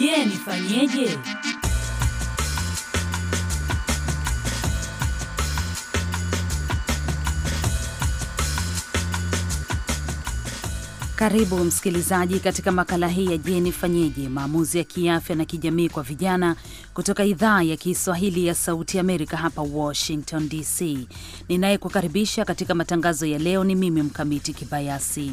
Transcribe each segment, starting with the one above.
Je, nifanyeje? Karibu msikilizaji katika makala hii ya Je, nifanyeje, maamuzi ya kiafya na kijamii kwa vijana kutoka idhaa ya Kiswahili ya Sauti Amerika hapa Washington DC. Ninayekukaribisha katika matangazo ya leo ni mimi Mkamiti Kibayasi.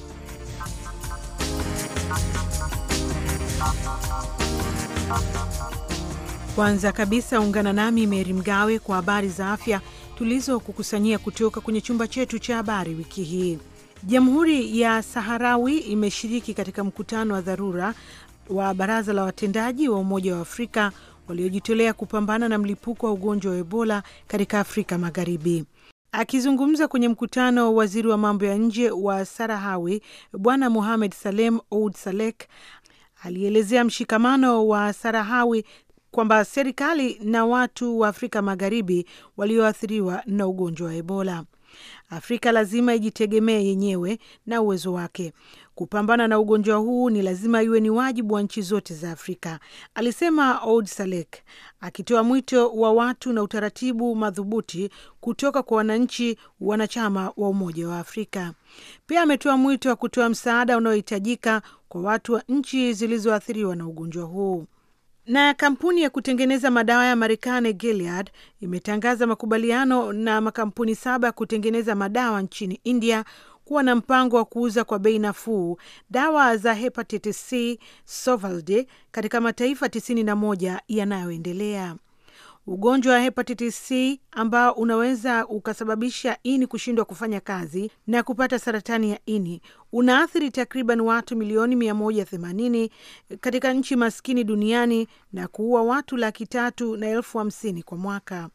Kwanza kabisa ungana nami Meri Mgawe kwa habari za afya tulizokukusanyia kutoka kwenye chumba chetu cha habari wiki hii. Jamhuri ya Saharawi imeshiriki katika mkutano wa dharura wa baraza la watendaji wa Umoja wa Afrika waliojitolea kupambana na mlipuko wa ugonjwa wa Ebola katika Afrika Magharibi. Akizungumza kwenye mkutano, waziri wa mambo ya nje wa Sarahawi Bwana Muhamed Salem Oud Salek alielezea mshikamano wa Sarahawi kwamba serikali na watu wa Afrika Magharibi walioathiriwa na ugonjwa wa Ebola. Afrika lazima ijitegemee yenyewe na uwezo wake kupambana na ugonjwa huu. Ni lazima iwe ni wajibu wa nchi zote za Afrika, alisema Ould Salek, akitoa mwito wa watu na utaratibu madhubuti kutoka kwa wananchi wanachama wa Umoja wa Afrika. Pia ametoa mwito wa kutoa msaada unaohitajika kwa watu wa nchi zilizoathiriwa na ugonjwa huu. Na kampuni ya kutengeneza madawa ya Marekani Gilead imetangaza makubaliano na makampuni saba ya kutengeneza madawa nchini India kuwa na mpango wa kuuza kwa bei nafuu dawa za hepatitis C Sovaldi katika mataifa 91 yanayoendelea. Ugonjwa wa hepatitis C ambao unaweza ukasababisha ini kushindwa kufanya kazi na kupata saratani ya ini unaathiri takriban watu milioni 180 katika nchi maskini duniani na kuua watu laki tatu na elfu hamsini kwa mwaka.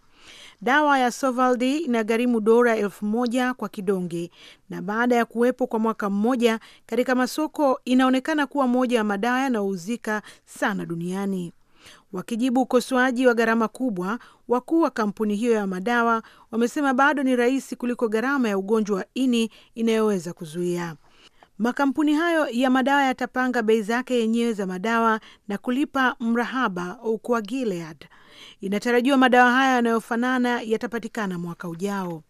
Dawa ya Sovaldi inagharimu dola elfu moja kwa kidonge, na baada ya kuwepo kwa mwaka mmoja katika masoko, inaonekana kuwa moja ya madawa yanayouzika sana duniani. Wakijibu ukosoaji wa gharama kubwa, wakuu wa kampuni hiyo ya madawa wamesema bado ni rahisi kuliko gharama ya ugonjwa wa ini inayoweza kuzuia. Makampuni hayo ya madawa yatapanga bei zake yenyewe za madawa na kulipa mrahaba kwa Gilead. Inatarajiwa madawa haya yanayofanana yatapatikana mwaka ujao.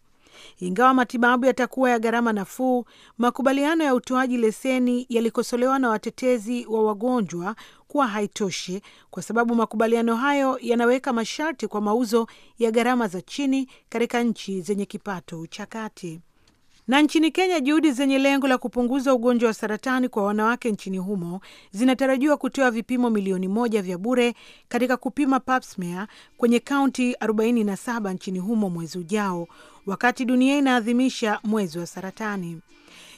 Ingawa matibabu yatakuwa ya gharama nafuu, makubaliano ya utoaji leseni yalikosolewa na watetezi wa wagonjwa kuwa haitoshi kwa sababu makubaliano hayo yanaweka masharti kwa mauzo ya gharama za chini katika nchi zenye kipato cha kati. Na nchini Kenya, juhudi zenye lengo la kupunguza ugonjwa wa saratani kwa wanawake nchini humo zinatarajiwa kutoa vipimo milioni moja vya bure katika kupima pap smear kwenye kaunti 47 nchini humo mwezi ujao, wakati dunia inaadhimisha mwezi wa saratani.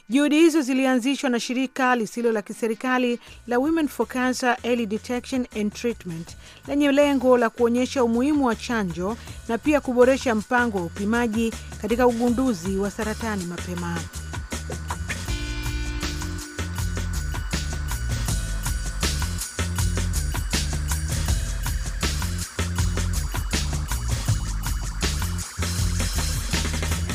Juhudi hizo zilianzishwa na shirika lisilo la kiserikali la Women for Cancer Early Detection and Treatment lenye lengo la kuonyesha umuhimu wa chanjo na pia kuboresha mpango wa upimaji katika ugunduzi wa saratani mapema.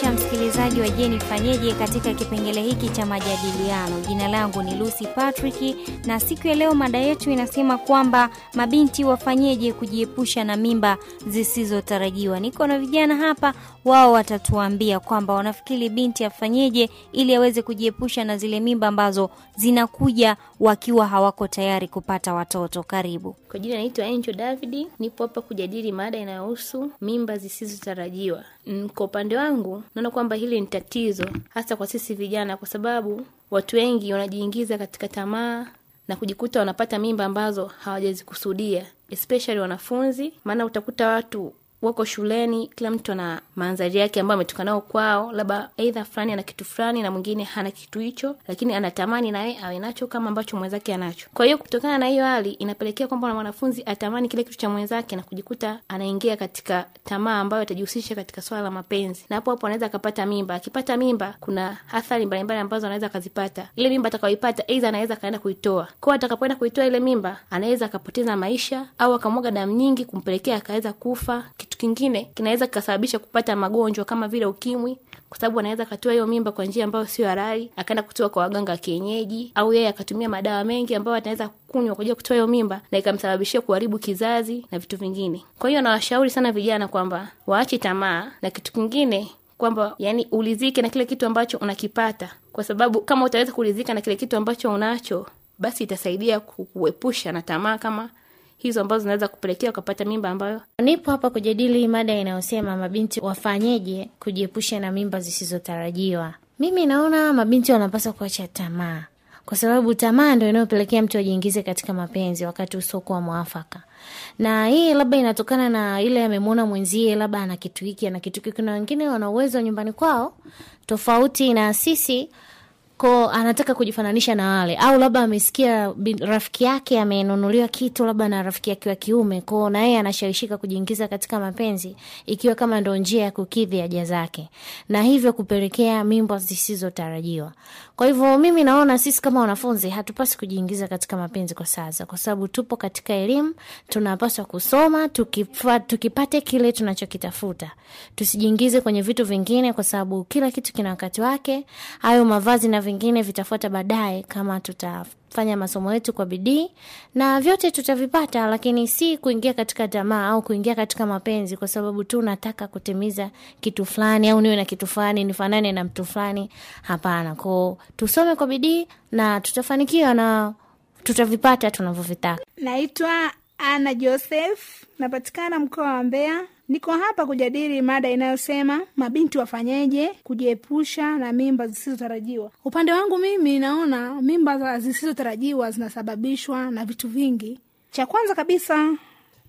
kumkaribisha msikilizaji wa jeni fanyeje katika kipengele hiki cha majadiliano. Jina langu ni Lucy Patrick na siku ya leo mada yetu inasema kwamba mabinti wafanyeje kujiepusha na mimba zisizotarajiwa. Niko na vijana hapa, wao watatuambia kwamba wanafikiri binti afanyeje ili aweze kujiepusha na zile mimba ambazo zinakuja wakiwa hawako tayari kupata watoto. Karibu. Kwa jina naitwa Angel David, nipo hapa kujadili mada inayohusu mimba zisizotarajiwa. Kwa upande wangu Naona kwamba hili ni tatizo hasa kwa sisi vijana, kwa sababu watu wengi wanajiingiza katika tamaa na kujikuta wanapata mimba ambazo hawajazikusudia especially wanafunzi. Maana utakuta watu wako shuleni, kila mtu ana mandhari yake ambayo ametoka nao kwao, labda eidha fulani ana kitu fulani na mwingine hana kitu hicho, lakini anatamani naye awe nacho kama ambacho mwenzake anacho. Kwa hiyo kutokana na hiyo hali inapelekea kwamba mwanafunzi atamani kile kitu cha mwenzake na kujikuta anaingia katika tamaa ambayo atajihusisha katika swala la mapenzi, na hapo hapo anaweza akapata mimba. Akipata mimba, kuna athari mbalimbali ambazo anaweza akazipata. Ile mimba atakaoipata eidha anaweza akaenda kuitoa kwao, atakapoenda kuitoa ile mimba anaweza akapoteza maisha au akamwaga damu nyingi kumpelekea akaweza kufa kitu kingine kinaweza kikasababisha kupata magonjwa kama vile ukimwi kwa sababu anaweza akatoa hiyo mimba kwa njia ambayo sio halali, akaenda kutoa kwa waganga wa kienyeji, au yeye akatumia madawa mengi ambayo ataweza kunywa kwa ajili ya kutoa hiyo mimba na ikamsababishia kuharibu kizazi na vitu vingine. Kwa hiyo nawashauri sana vijana kwamba waache tamaa, na kitu kingine kwamba yani ulizike na kile kitu ambacho unakipata, kwa sababu kama utaweza kulizika na kile kitu ambacho unacho, basi itasaidia kuepusha na tamaa kama hizo ambazo zinaweza kupelekea ukapata mimba ambayo. Nipo hapa kujadili mada inayosema mabinti wafanyeje kujiepusha na mimba zisizotarajiwa. Mimi naona mabinti wanapaswa kuacha tamaa, kwa sababu tamaa ndo inayopelekea mtu ajiingize katika mapenzi wakati usiokuwa mwafaka na hii labda inatokana na ile amemwona mwenzie labda ana kitu hiki ana kitu hiki. Kuna wengine wana uwezo nyumbani kwao tofauti na sisi kwao anataka kujifananisha na wale, au labda amesikia rafiki yake amenunuliwa kitu labda na rafiki yake wa kiume, kwao na yeye anashawishika kujiingiza katika mapenzi, ikiwa kama ndo njia ya kukidhi haja zake, na hivyo kupelekea mimba zisizotarajiwa. Kwa hivyo mimi naona sisi kama wanafunzi hatupasi kujiingiza katika mapenzi kwa sasa, kwa sababu tupo katika elimu, tunapaswa kusoma tukipa, tukipate kile tunachokitafuta. Tusijiingize kwenye vitu vingine, kwa sababu kila kitu kina wakati wake. Hayo mavazi na vingine vitafuata baadaye kama tuta fanya masomo yetu kwa bidii na vyote tutavipata, lakini si kuingia katika tamaa au kuingia katika mapenzi kwa sababu tu nataka kutimiza kitu fulani au niwe na kitu fulani nifanane na mtu fulani. Hapana, ko tusome kwa bidii na tutafanikiwa na tutavipata tunavyovitaka. Naitwa Ana Joseph, napatikana mkoa wa Mbeya, Niko hapa kujadili mada inayosema mabinti wafanyeje kujiepusha na mimba zisizotarajiwa. Upande wangu mimi naona mimba zisizotarajiwa zinasababishwa na vitu vingi. Cha kwanza kabisa,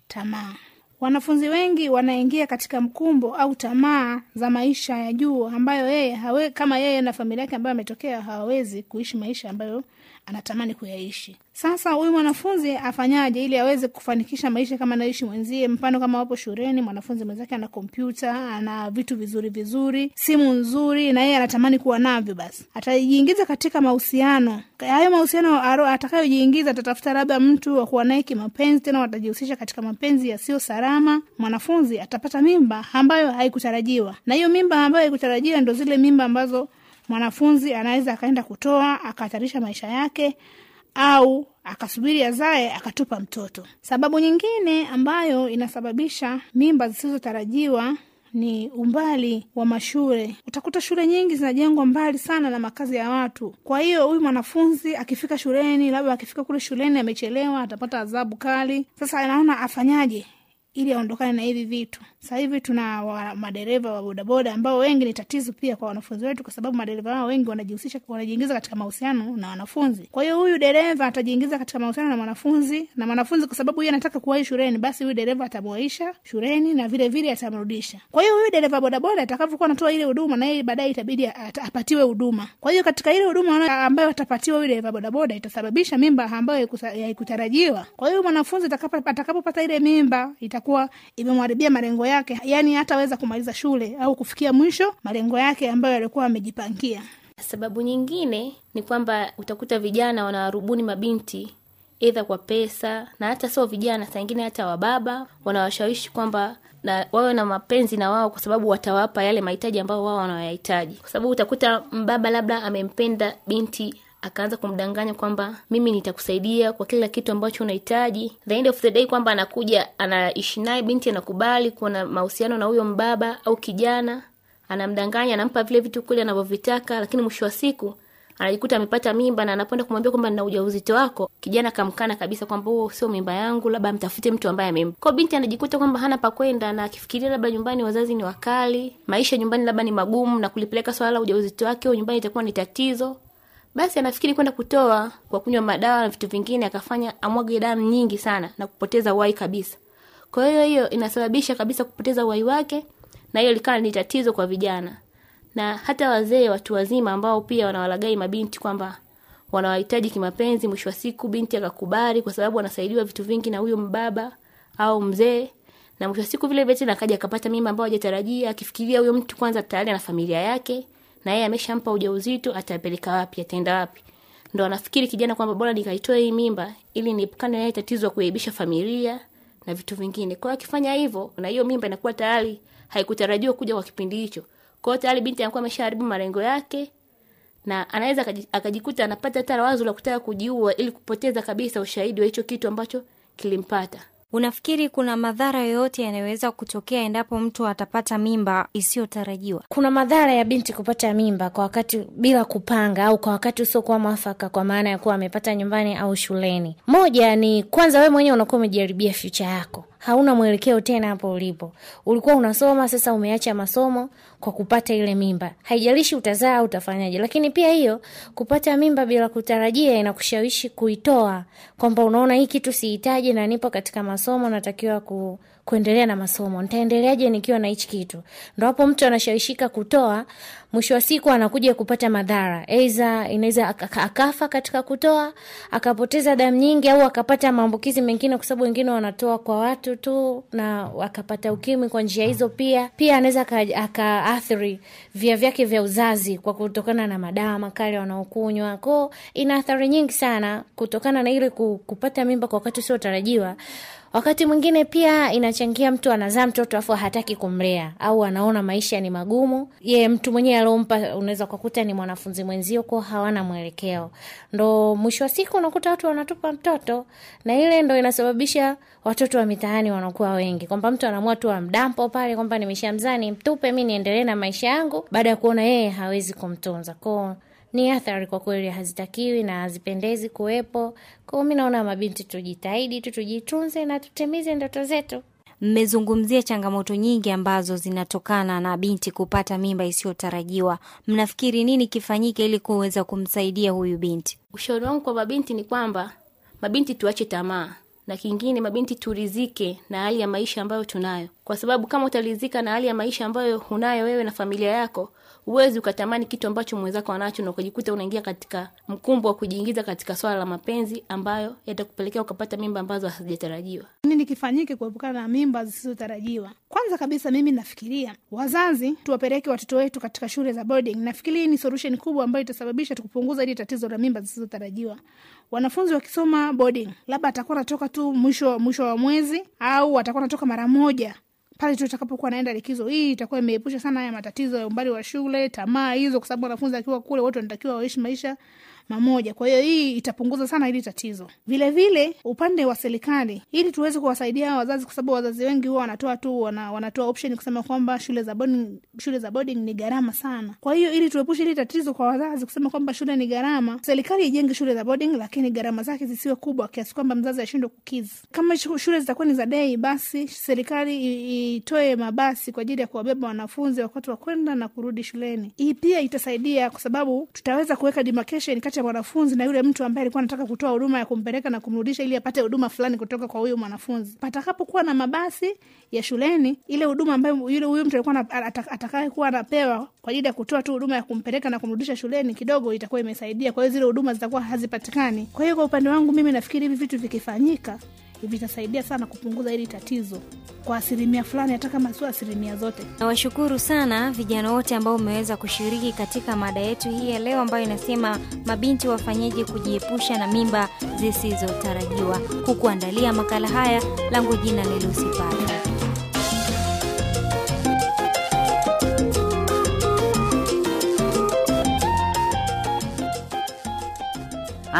tamaa. Wanafunzi wengi wanaingia katika mkumbo au tamaa za maisha ya juu ambayo yeye hawe, kama yeye na familia yake ambayo ametokea hawawezi kuishi maisha ambayo anatamani kuyaishi. Sasa huyu mwanafunzi afanyaje ili aweze kufanikisha maisha kama naishi mwenzie? Mfano, kama wapo shuleni, mwanafunzi mwenzake ana kompyuta, ana vitu vizuri vizuri, simu nzuri, na yeye anatamani kuwa navyo, basi atajiingiza katika mahusiano hayo. Mahusiano atakayojiingiza, atatafuta labda mtu wakuwa naye kimapenzi, tena watajihusisha katika mapenzi yasiyo salama. Mwanafunzi atapata mimba ambayo haikutarajiwa, na hiyo mimba ambayo haikutarajiwa ndo zile mimba ambazo mwanafunzi anaweza akaenda kutoa akahatarisha maisha yake au akasubiri azae akatupa mtoto. Sababu nyingine ambayo inasababisha mimba zisizotarajiwa ni umbali wa mashule. Utakuta shule nyingi zinajengwa mbali sana na makazi ya watu. Kwa hiyo huyu mwanafunzi akifika shuleni, labda akifika kule shuleni amechelewa, atapata adhabu kali. Sasa anaona afanyaje ili aondokane na hivi vitu sahivi tuna wa, madereva wa bodaboda ambao wengi ni tatizo pia kwa wanafunzi wetu, kwa sababu madereva hao wengi wanajihusisha, wanajiingiza katika mahusiano na wanafunzi. Kwa hiyo huyu dereva atajiingiza katika mahusiano na mwanafunzi na mwanafunzi, kwa sababu yeye anataka kuwahi shuleni, basi huyu dereva atamwaisha shuleni na vile vile atamrudisha. Kwa hiyo huyu dereva bodaboda atakavyokuwa anatoa ile huduma, na yeye baadaye itabidi apatiwe huduma. Kwa hiyo katika ile huduma ambayo atapatiwa huyu dereva bodaboda itasababisha mimba ambayo haikutarajiwa. Kwa hiyo mwanafunzi atakapopata ile mimba itakuwa imemharibia malengo yake, hata hataweza kumaliza shule au kufikia mwisho malengo yake ambayo alikuwa amejipangia. Sababu nyingine ni kwamba utakuta vijana wanawarubuni mabinti eidha kwa pesa, na hata sio vijana, saa ingine hata wababa wanawashawishi kwamba na wawe na mapenzi na wao, kwa sababu watawapa yale mahitaji ambayo wao wanayahitaji, kwa sababu utakuta mbaba labda amempenda binti akaanza kumdanganya kwamba mimi nitakusaidia kwa kila kitu ambacho unahitaji. The end of the day kwamba anakuja anaishi naye, binti anakubali kuona mahusiano na huyo mbaba au kijana, anamdanganya, anampa vile vitu kule anavyovitaka, lakini mwisho wa siku anajikuta amepata mimba na anapenda kumwambia kwamba nina ujauzito wako, kijana kamkana kabisa kwamba huo oh, sio mimba yangu, labda mtafute mtu ambaye amempa. Kwa binti anajikuta kwamba hana pa kwenda, na akifikiria labda nyumbani wazazi ni wakali, maisha nyumbani labda ni magumu, na kulipeleka swala la ujauzito wake huo nyumbani itakuwa ni tatizo basi anafikiri kwenda kutoa kwa kunywa madawa na vitu vingine, akafanya amwage damu nyingi sana na kupoteza uhai kabisa. Kwa hiyo hiyo inasababisha kabisa kupoteza uhai wake, na hiyo likawa ni tatizo kwa vijana na hata wazee, watu wazima ambao pia wanawalagai mabinti kwamba wanawahitaji kimapenzi. Mwisho wa siku binti akakubali, kwa sababu anasaidiwa vitu vingi na huyo mbaba au mzee, na mwisho wa siku vile vile tena akaja akapata mimba ambayo hajatarajia, akifikiria huyo mtu kwanza tayari ana familia yake na yeye ameshampa ujauzito, atapeleka wapi? Ataenda wapi? Ndo anafikiri kijana kwamba bora nikaitoe hii mimba ili niepukane naye tatizo ya kuaibisha familia na vitu vingine. kwao akifanya hivyo, na hiyo mimba inakuwa tayari haikutarajiwa kuja kwa kipindi hicho. kwao tayari binti anakuwa ameshaharibu malengo yake, na anaweza akajikuta anapata hata wazo la kutaka kujiua ili kupoteza kabisa ushahidi wa hicho kitu ambacho kilimpata. Unafikiri kuna madhara yoyote yanayoweza kutokea endapo mtu atapata mimba isiyotarajiwa? Kuna madhara ya binti kupata mimba kwa wakati bila kupanga au kwa wakati usiokuwa mwafaka, kwa maana ya kuwa amepata nyumbani au shuleni. Moja ni kwanza, wewe mwenyewe unakuwa umejaribia future yako hauna mwelekeo tena hapo ulipo. Ulikuwa unasoma, sasa umeacha masomo kwa kupata ile mimba. Haijalishi utazaa au utafanyaje, lakini pia hiyo kupata mimba bila kutarajia inakushawishi kuitoa, kwamba unaona hii kitu sihitaji na nipo katika masomo, natakiwa ku kuendelea na masomo, ntaendeleaje nikiwa na hichi kitu? Ndo hapo mtu anashawishika kutoa, mwisho wa siku anakuja kupata madhara, aidha inaweza akafa katika kutoa, akapoteza damu nyingi, au akapata maambukizi mengine, kwa sababu wengine wanatoa kwa watu tu na akapata ukimwi kwa njia hizo. Pia pia anaweza akaathiri via vyake vya uzazi kwa kutokana na madawa makali wanaokunywa, ko ina athari nyingi sana kutokana na ile kupata mimba kwa wakati usiotarajiwa. Wakati mwingine pia inachangia mtu anazaa mtoto afu hataki kumlea au anaona maisha ni magumu. Ye mtu mwenyewe aliompa, unaweza kukuta ni mwanafunzi mwenzio, kwa hawana mwelekeo, ndo mwisho wa siku unakuta watu wanatupa mtoto, na ile ndo inasababisha watoto wa mitaani wanakuwa wengi, kwamba mtu anaamua tu amdampo pale kwamba nimeshamzaa nimtupe, mi niendelee na maisha yangu, baada ya kuona yeye hawezi kumtunza kwao ni athari kwa kweli, hazitakiwi na hazipendezi kuwepo. Kwa hiyo mi naona mabinti, tujitahidi tu, tujitunze na tutimize ndoto zetu. Mmezungumzia changamoto nyingi ambazo zinatokana na binti kupata mimba isiyotarajiwa. Mnafikiri nini kifanyike ili kuweza kumsaidia huyu binti? Ushauri wangu kwa mabinti ni kwamba mabinti tuache tamaa, na kingine mabinti turizike na hali ya maisha ambayo tunayo, kwa sababu kama utarizika na hali ya maisha ambayo hunayo wewe na familia yako, huwezi ukatamani kitu ambacho mwenzako anacho na ukajikuta unaingia katika mkumbo wa kujiingiza katika swala la mapenzi ambayo yatakupelekea ukapata mimba ambazo hazijatarajiwa nini kifanyike kuepukana na mimba zisizotarajiwa? Kwanza kabisa mimi nafikiria wazazi tuwapeleke watoto wetu katika shule za boarding. Nafikiri hii ni solution kubwa ambayo itasababisha tukupunguza hili tatizo la mimba zisizotarajiwa. Wanafunzi wakisoma boarding, labda atakuwa anatoka tu mwisho mwisho wa mwezi au atakuwa anatoka mara moja pale tu utakapokuwa naenda likizo. Hii itakuwa imeepusha sana haya matatizo ya umbali wa shule, tamaa hizo, kwa sababu wanafunzi akiwa kule watu wanatakiwa waishi maisha mamoja. Kwa hiyo hii itapunguza sana hili tatizo. Vile vile, upande wa serikali, ili tuweze kuwasaidia hawa wazazi, kwa sababu wazazi wengi huwa wanatoa tu wana, wanatoa option kusema kwamba shule za boarding, shule za boarding ni gharama sana. Kwa hiyo ili tuepushe hili tatizo kwa wazazi kusema kwamba shule ni gharama, serikali ijenge shule za boarding, lakini gharama zake zisiwe kubwa kiasi kwamba mzazi ashindwe kukizi. Kama shule zitakuwa ni za dei, basi serikali itoe mabasi kwa ajili ya kuwabeba wanafunzi wakati wa kwenda na kurudi shuleni. Hii pia itasaidia kwa sababu tutaweza kuweka demarcation kati ya mwanafunzi na yule mtu ambaye alikuwa anataka kutoa huduma ya kumpeleka na kumrudisha ili apate huduma fulani kutoka kwa huyo mwanafunzi. Patakapokuwa na mabasi ya shuleni, ile huduma ambayo yule huyu mtu alikuwa atakayekuwa anapewa kwa ajili ya kutoa tu huduma ya kumpeleka na kumrudisha shuleni kidogo itakuwa imesaidia. Kwa hiyo zile huduma zitakuwa hazipatikani. Kwa hiyo kwa upande wangu mimi nafikiri hivi vitu vikifanyika vitasaidia sana kupunguza hili tatizo kwa asilimia fulani, hata kama sio asilimia zote. Nawashukuru sana vijana wote ambao umeweza kushiriki katika mada yetu hii ya leo ambayo inasema mabinti wafanyeje kujiepusha na mimba zisizotarajiwa. Kukuandalia makala haya, langu jina ni Pala.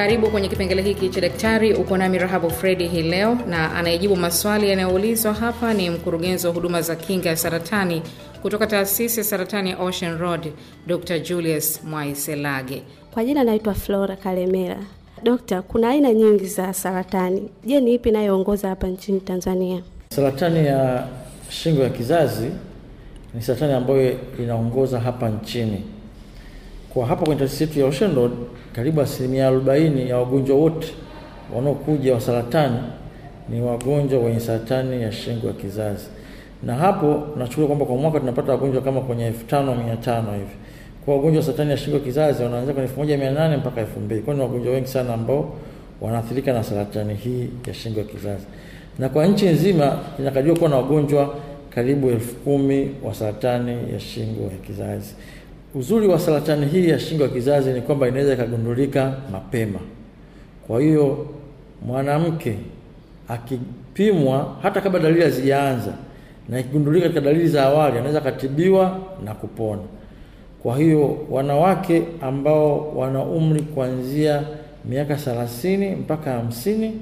Karibu kwenye kipengele hiki cha daktari. Uko nami Rahabu Fredi hii leo, na anayejibu maswali yanayoulizwa hapa ni mkurugenzi wa huduma za kinga ya saratani kutoka taasisi ya saratani ya Ocean Road, Dr Julius Mwaiselage. Kwa jina anaitwa Flora Kalemera. Dokta, kuna aina nyingi za saratani. Je, ni ipi inayoongoza hapa nchini Tanzania? Saratani ya shingo ya kizazi ni saratani ambayo inaongoza hapa nchini kwa hapa kwenye taasisi yetu ya Ocean Road karibu asilimia arobaini ya wagonjwa wote wanaokuja wa saratani ni wagonjwa wenye saratani ya shingo ya kizazi, na hapo nachukulia kwamba kwa mwaka tunapata wagonjwa kama kwenye elfu tano mia tano hivi. Kwa wagonjwa wa saratani ya shingo ya kizazi wanaanzia kwenye elfu moja mia nane mpaka elfu mbili kwa ni wagonjwa wengi sana ambao wanaathirika na saratani hii ya shingo ya kizazi, na kwa nchi nzima inakadiriwa kuwa na wagonjwa karibu elfu kumi wa saratani ya shingo ya kizazi. Uzuri wa saratani hii ya shingo ya kizazi ni kwamba inaweza ikagundulika mapema. Kwa hiyo mwanamke akipimwa hata kabla dalili hazijaanza na ikigundulika katika dalili za awali, anaweza akatibiwa na kupona. Kwa hiyo wanawake ambao wana umri kuanzia miaka thelathini mpaka hamsini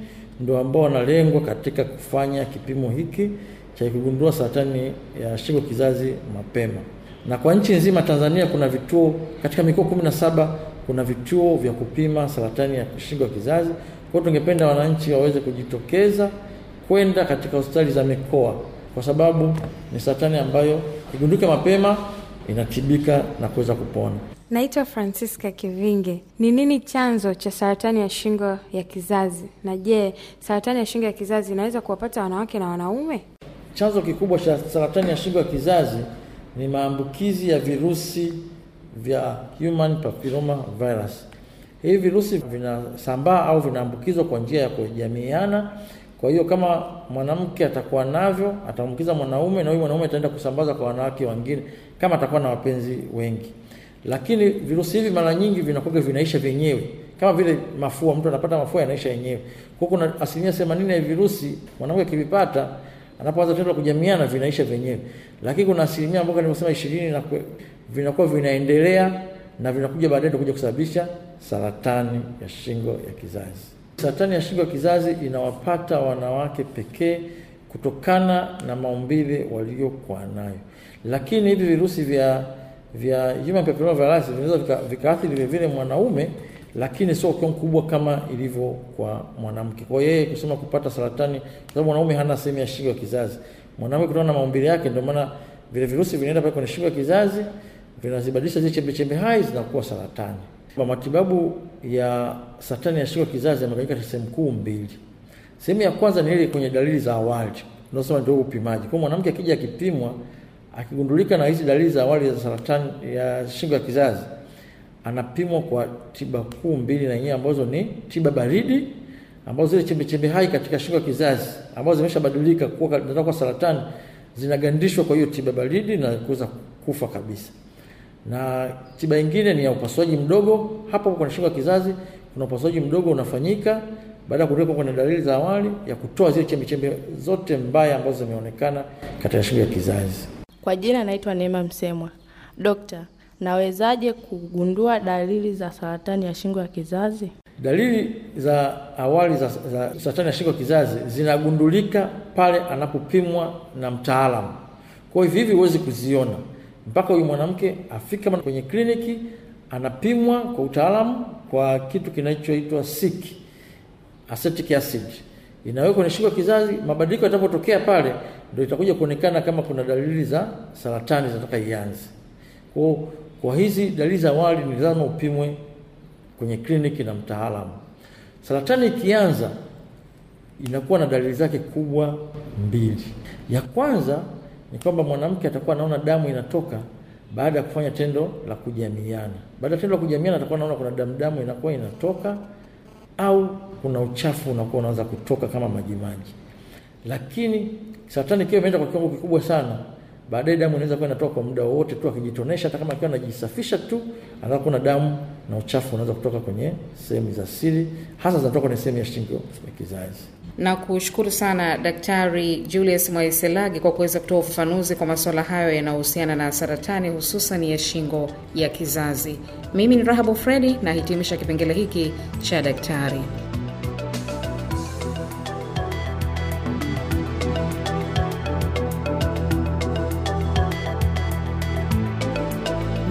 ndio ambao wanalengwa katika kufanya kipimo hiki cha kugundua saratani ya shingo kizazi mapema na kwa nchi nzima Tanzania kuna vituo katika mikoa saba kuna vituo vya kupima saratani ya shingo ya kizazi. Kwa tungependa wananchi waweze kujitokeza kwenda katika hospitali za mikoa, kwa sababu ni saratani ambayo igunduke mapema inatibika na kuweza kupona. Naitwa Francisca Kivinge. Ni nini chanzo cha saratani ya shingo ya kizazi, na je, saratani ya shingo ya kizazi inaweza kuwapata wanawake na wanaume? Chanzo kikubwa cha saratani ya shingo ya kizazi ni maambukizi ya virusi vya human papilloma virus. Hivi virusi vinasambaa au vinaambukizwa kwa njia ya kujamiiana. Kwa hiyo kama mwanamke atakuwa navyo ataambukiza mwanaume, na huyu mwanaume ataenda kusambaza kwa wanawake wengine kama atakuwa na wapenzi wengi. Lakini virusi hivi mara nyingi vinakuwa vinaisha vyenyewe, kama vile mafua. Mtu anapata mafua yanaisha yenyewe. Kwa kuna asilimia themanini ya virusi mwanamke akivipata anapoanza tendo la kujamiana vinaisha vyenyewe, lakini kuna asilimia ambayo nimesema ishirini na vinakuwa vinaendelea na vinakuja baadaye kuja kusababisha saratani ya shingo ya kizazi. Saratani ya shingo ya kizazi inawapata wanawake pekee kutokana na maumbile waliokuwa nayo, lakini hivi virusi vya vya human papilloma virus vinaweza vikaathiri vile vilevile mwanaume lakini sio kwa kubwa kama ilivyo kwa mwanamke. Kwa yeye kusema kupata saratani, kwa sababu mwanaume hana sehemu ya shingo ya kizazi. Mwanamke kutokana na maumbile yake, ndio maana vile virusi vinaenda pale kwenye shingo ya kizazi, vinazibadilisha zile chembe chembe hai zinakuwa saratani. Kwa matibabu ya saratani ya shingo ya kizazi yamegawanyika sehemu kuu mbili. Sehemu ya kwanza ni ile kwenye dalili za awali, tunasema ndio upimaji. Kwa mwanamke akija akipimwa, akigundulika na hizi dalili za awali za saratani ya shingo ya kizazi anapimwa kwa tiba kuu mbili na yenyewe ambazo ni tiba baridi ambazo zile chembechembe hai katika shingo ya kizazi ambazo zimeshabadilika kuwa zinataka kuwa saratani zinagandishwa kwa hiyo tiba baridi na kuweza kufa kabisa. Na tiba nyingine ni ya upasuaji mdogo. Hapo kwenye shingo ya kizazi kuna upasuaji mdogo unafanyika baada ya kutoka kwenye dalili za awali ya kutoa zile chembechembe zote mbaya ambazo zimeonekana katika shingo ya kizazi. Kwa jina naitwa Neema Msemwa. Dokta, Nawezaje kugundua dalili za saratani ya shingo ya kizazi? Dalili za awali za, za saratani ya shingo ya kizazi zinagundulika pale anapopimwa na mtaalamu. Kwa hivyo hivi huwezi kuziona mpaka huyu mwanamke afika kwenye kliniki, anapimwa kwa utaalamu kwa kitu kinachoitwa SIK, acetic acid inawekwa kwenye shingo ya kizazi. Mabadiliko yatapotokea pale, ndio itakuja kuonekana kama kuna dalili za saratani zinataka ianze kwao kwa hizi dalili za awali ni lazima upimwe kwenye kliniki na mtaalamu. Saratani ikianza inakuwa na dalili zake kubwa mbili. Ya kwanza ni kwamba mwanamke atakuwa anaona damu inatoka baada ya kufanya tendo la kujamiana. Baada ya tendo la kujamiana atakuwa anaona kuna damu damu inakuwa inatoka au kuna uchafu unakuwa unaanza kutoka kama majimaji. Lakini saratani ikiwa imeenda kwa kiwango kikubwa sana Baadaye damu inaweza kuwa inatoka kwa muda wowote tu akijitonesha, hata kama akiwa anajisafisha tu, anaweza kuna damu na uchafu unaweza kutoka kwenye sehemu za siri, hasa zinatoka kwenye sehemu ya shingo ya kizazi. Na kushukuru sana Daktari Julius Mwaiselagi kwa kuweza kutoa ufafanuzi kwa masuala hayo yanayohusiana na saratani hususan ya shingo ya kizazi. Mimi ni Rahabu Fredi, nahitimisha kipengele hiki cha daktari.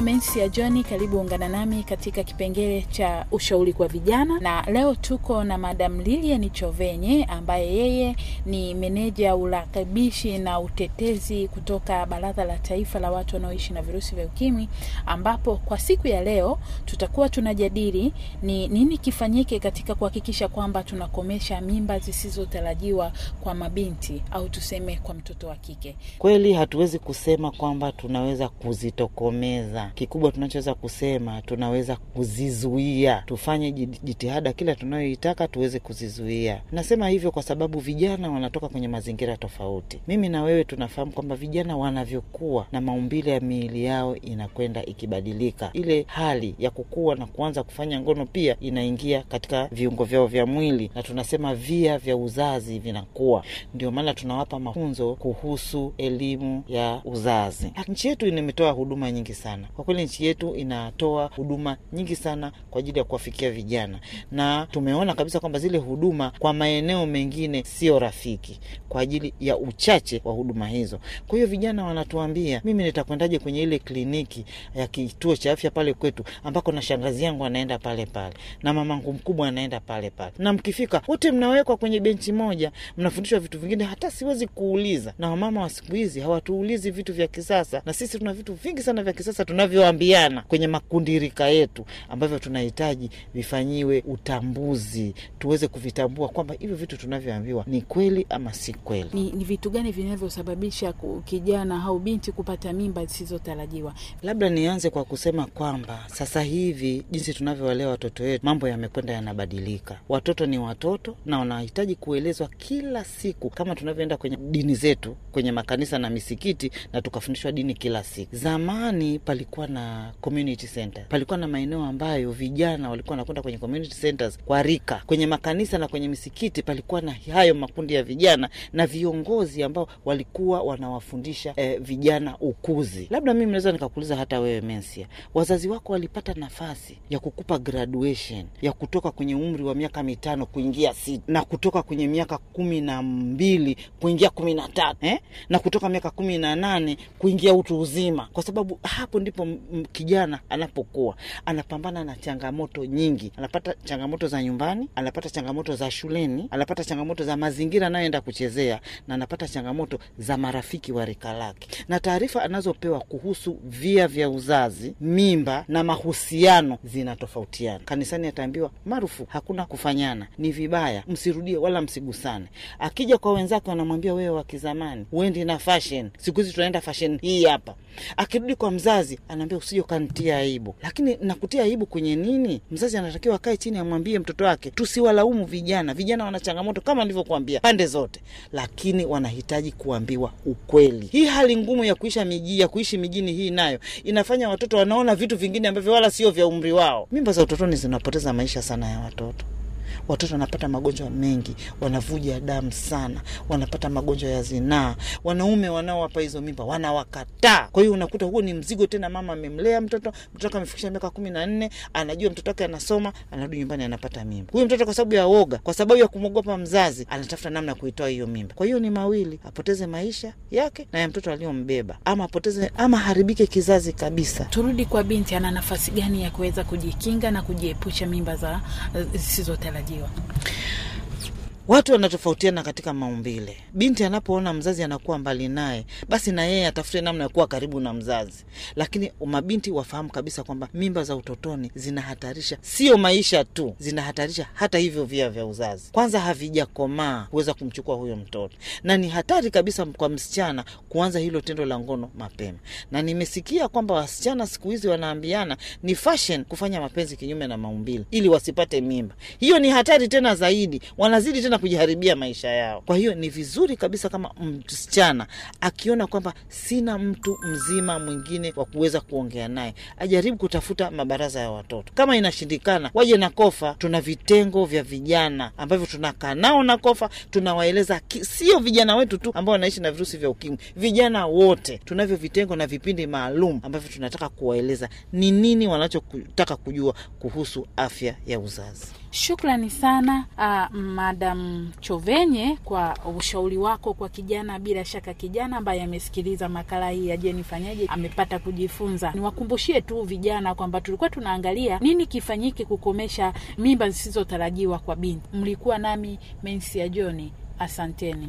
naitwa ya John, karibu ungana nami katika kipengele cha ushauri kwa vijana, na leo tuko na Madam Lilian Chovenye ambaye yeye ni meneja urakabishi na utetezi kutoka Baraza la Taifa la Watu Wanaoishi na Virusi vya Ukimwi, ambapo kwa siku ya leo tutakuwa tunajadili ni nini kifanyike katika kuhakikisha kwamba tunakomesha mimba zisizotarajiwa kwa mabinti au tuseme kwa mtoto wa kike. Kweli hatuwezi kusema kwamba tunaweza kuzitokomeza kikubwa tunachoweza kusema, tunaweza kuzizuia. Tufanye jitihada kila tunayoitaka tuweze kuzizuia. Nasema hivyo kwa sababu vijana wanatoka kwenye mazingira tofauti. Mimi na wewe tunafahamu kwamba vijana wanavyokuwa na maumbile ya miili yao inakwenda ikibadilika, ile hali ya kukua na kuanza kufanya ngono pia inaingia katika viungo vyao vya mwili, na tunasema via vya uzazi vinakuwa. Ndio maana tunawapa mafunzo kuhusu elimu ya uzazi. Nchi yetu imetoa huduma nyingi sana kwa kweli nchi yetu inatoa huduma nyingi sana kwa ajili ya kuwafikia vijana, na tumeona kabisa kwamba zile huduma kwa maeneo mengine sio rafiki kwa ajili ya uchache wa huduma hizo. Kwa hiyo vijana wanatuambia, mimi nitakwendaje kwenye ile kliniki ya kituo cha afya pale kwetu ambako na shangazi yangu anaenda pale pale na mamangu mkubwa anaenda pale pale, na mkifika wote mnawekwa kwenye benchi moja, mnafundishwa vitu vingine, hata siwezi kuuliza. Na wamama wa siku hizi hawatuulizi vitu vya kisasa, na sisi tuna vitu vingi sana vya kisasa tuna tunavyoambiana kwenye makundirika yetu ambavyo tunahitaji vifanyiwe utambuzi, tuweze kuvitambua kwamba hivyo vitu tunavyoambiwa ni kweli ama si kweli. Ni, ni vitu gani vinavyosababisha kijana au binti kupata mimba zisizotarajiwa? Labda nianze kwa kusema kwamba sasa hivi jinsi tunavyowalea watoto wetu, mambo yamekwenda yanabadilika. Watoto ni watoto na wanahitaji kuelezwa kila siku, kama tunavyoenda kwenye dini zetu, kwenye makanisa na misikiti, na tukafundishwa dini kila siku. Zamani palikuwa kulikuwa na community center, palikuwa na maeneo ambayo vijana walikuwa wanakwenda kwenye community centers kwa rika. Kwenye makanisa na kwenye misikiti palikuwa na hayo makundi ya vijana na viongozi ambao walikuwa wanawafundisha eh, vijana ukuzi. Labda mimi naweza nikakuuliza hata wewe Mensia, wazazi wako walipata nafasi ya kukupa graduation ya kutoka kwenye umri wa miaka mitano kuingia sita na kutoka kwenye miaka kumi na mbili kuingia kumi na tatu eh? na kutoka miaka kumi na nane kuingia utu uzima, kwa sababu hapo ndipo kijana anapokuwa anapambana na changamoto nyingi, anapata changamoto za nyumbani, anapata changamoto za shuleni, anapata changamoto za mazingira anayoenda kuchezea, na anapata changamoto za marafiki wa rika lake, na taarifa anazopewa kuhusu via vya uzazi, mimba na mahusiano zinatofautiana. Kanisani ataambiwa marufu, hakuna kufanyana, ni vibaya, msirudie wala msigusane. Akija kwa wenzake, wanamwambia wewe wa kizamani, uendi na fashion, siku hizi tunaenda fashion hii hapa. Akirudi kwa mzazi ana ananiambia usije ukanitia aibu, lakini nakutia aibu kwenye nini? Mzazi anatakiwa akae chini amwambie mtoto wake. Tusiwalaumu vijana, vijana wana changamoto kama nilivyokuambia pande zote, lakini wanahitaji kuambiwa ukweli. Hii hali ngumu ya kuisha miji ya kuishi mijini hii nayo inafanya watoto wanaona vitu vingine ambavyo wala sio vya umri wao. Mimba za utotoni zinapoteza maisha sana ya watoto watoto wanapata magonjwa mengi, wanavuja damu sana, wanapata magonjwa ya zinaa. Wanaume wanaowapa hizo mimba wanawakataa. Kwa hiyo unakuta huo ni mzigo tena. Mama amemlea mtoto, mtoto amefikisha miaka kumi na nne, anajua mtoto wake anasoma, anarudi nyumbani, anapata mimba. Huyu mtoto kwa sababu ya woga, kwa sababu ya kumwogopa mzazi, anatafuta namna ya kuitoa hiyo mimba. Kwa hiyo ni mawili, apoteze maisha yake na ya mtoto aliyombeba, ama apoteze ama haribike kizazi kabisa. Turudi kwa binti, ana nafasi gani ya kuweza kujikinga na kujiepusha mimba za eh, zisizotarajiwa? 对。Watu wanatofautiana katika maumbile. Binti anapoona mzazi anakuwa mbali naye, basi na yeye atafute namna ya kuwa karibu na mzazi, lakini mabinti wafahamu kabisa kwamba mimba za utotoni zinahatarisha sio maisha tu, zinahatarisha hata hivyo via vya uzazi. Kwanza havijakomaa kuweza kumchukua huyo mtoto, na ni hatari kabisa kwa msichana kuanza hilo tendo la ngono mapema. Na nimesikia kwamba wasichana siku hizi wanaambiana ni fashion kufanya mapenzi kinyume na maumbile ili wasipate mimba. Hiyo ni hatari tena zaidi, wanazidi tena kujiharibia maisha yao. Kwa hiyo ni vizuri kabisa kama msichana akiona kwamba sina mtu mzima mwingine wa kuweza kuongea naye, ajaribu kutafuta mabaraza ya watoto. Kama inashindikana, waje na kofa. Tuna vitengo vya vijana ambavyo tunakaa nao na kofa, tunawaeleza sio vijana wetu tu ambao wanaishi na virusi vya ukimwi, vijana wote tunavyo vitengo na vipindi maalum ambavyo tunataka kuwaeleza ni nini wanachotaka kujua kuhusu afya ya uzazi. Shukrani sana uh, Madam Chovenye kwa ushauri wako kwa kijana. Bila shaka kijana ambaye amesikiliza makala hii ya Je Nifanyeje amepata kujifunza. Niwakumbushie tu vijana kwamba tulikuwa tunaangalia nini kifanyike kukomesha mimba zisizotarajiwa kwa binti. Mlikuwa nami mensia Joni, asanteni.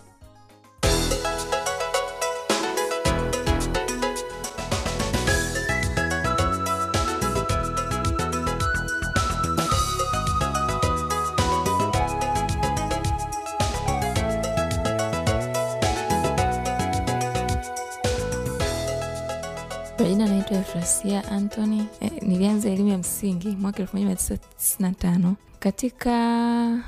Kwa jina naitwa Efrasia Anthony. Eh, nilianza elimu ya msingi mwaka 1995. Katika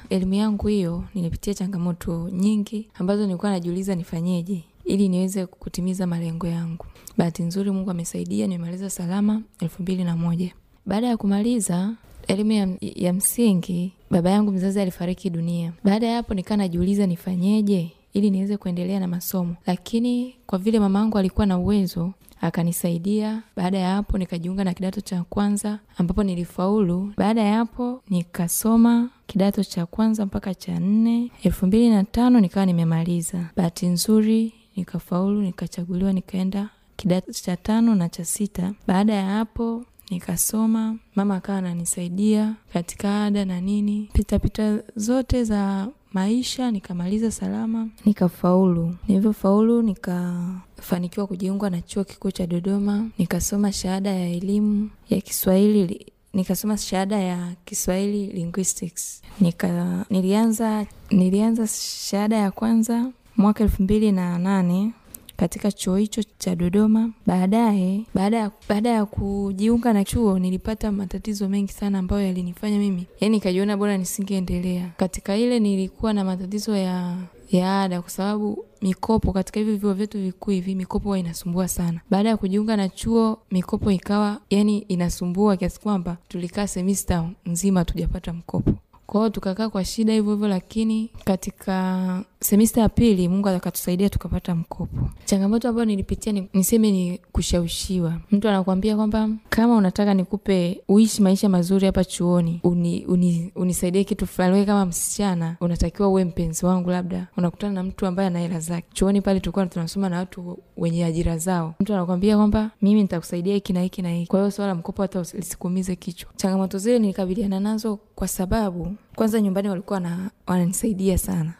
elimu yangu hiyo nilipitia changamoto nyingi ambazo nilikuwa najiuliza nifanyeje ili niweze kutimiza malengo yangu. Bahati nzuri Mungu amesaidia, nimemaliza salama elfu mbili na moja. Baada ya kumaliza elimu ya, ya msingi baba yangu mzazi alifariki dunia. Baada ya hapo nikaa najiuliza nifanyeje ili niweze kuendelea na masomo, lakini kwa vile mama yangu alikuwa na uwezo akanisaidia. Baada ya hapo nikajiunga na kidato cha kwanza ambapo nilifaulu. Baada ya hapo nikasoma kidato cha kwanza mpaka cha nne. elfu mbili na tano nikawa nimemaliza. Bahati nzuri nikafaulu, nikachaguliwa, nikaenda kidato cha tano na cha sita. Baada ya hapo nikasoma, mama akawa ananisaidia katika ada na nini, pitapita zote za maisha nikamaliza salama, nikafaulu. Nilivyofaulu nikafanikiwa kujiunga na chuo kikuu cha Dodoma, nikasoma shahada ya elimu ya Kiswahili nikasoma shahada ya Kiswahili linguistics nika, nilianza nilianza shahada ya kwanza mwaka elfu mbili na nane katika chuo hicho cha Dodoma. Baadaye baada ya baada ya kujiunga na chuo, nilipata matatizo mengi sana ambayo yalinifanya mimi yani nikajiona bora nisingeendelea katika ile. Nilikuwa na matatizo ya ya ada kwa sababu mikopo katika hivi vyuo vyetu vikuu hivi mikopo huwa inasumbua sana. Baada ya kujiunga na chuo, mikopo ikawa yani inasumbua kiasi kwamba tulikaa semista nzima tujapata mkopo. kwao, tukakaa kwa shida hivyo hivyo, lakini katika semesta ya pili Mungu akatusaidia tukapata mkopo. Changamoto ambayo nilipitia ni, niseme ni kushawishiwa. Mtu anakuambia kwamba kama unataka nikupe uishi maisha mazuri hapa chuoni, uni, uni, unisaidie kitu fulani, kama msichana unatakiwa uwe mpenzi wangu, labda unakutana na mtu ambaye ana hela zake. Chuoni pale tulikuwa tunasoma na watu wenye ajira zao, mtu anakuambia kwamba mimi nitakusaidia hiki na hiki na hiki. Kwa hiyo swala mkopo hata lisikuumize kichwa. Changamoto zile nilikabiliana nazo kwa sababu kwanza nyumbani walikuwa wananisaidia sana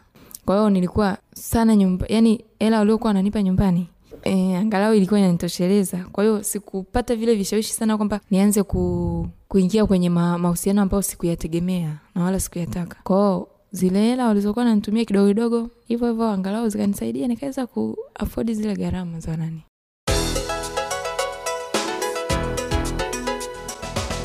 kwa hiyo nilikuwa sana nyumba, yani hela waliokuwa wananipa nyumbani e, angalau ilikuwa inanitosheleza. Kwa hiyo sikupata vile vishawishi sana kwamba nianze ku, kuingia kwenye mahusiano ambayo sikuyategemea na wala sikuyataka. Kwa hiyo zile hela walizokuwa nanitumia kidogo kidogo hivyo hivyo, angalau zikanisaidia nikaweza ku afford zile gharama za nani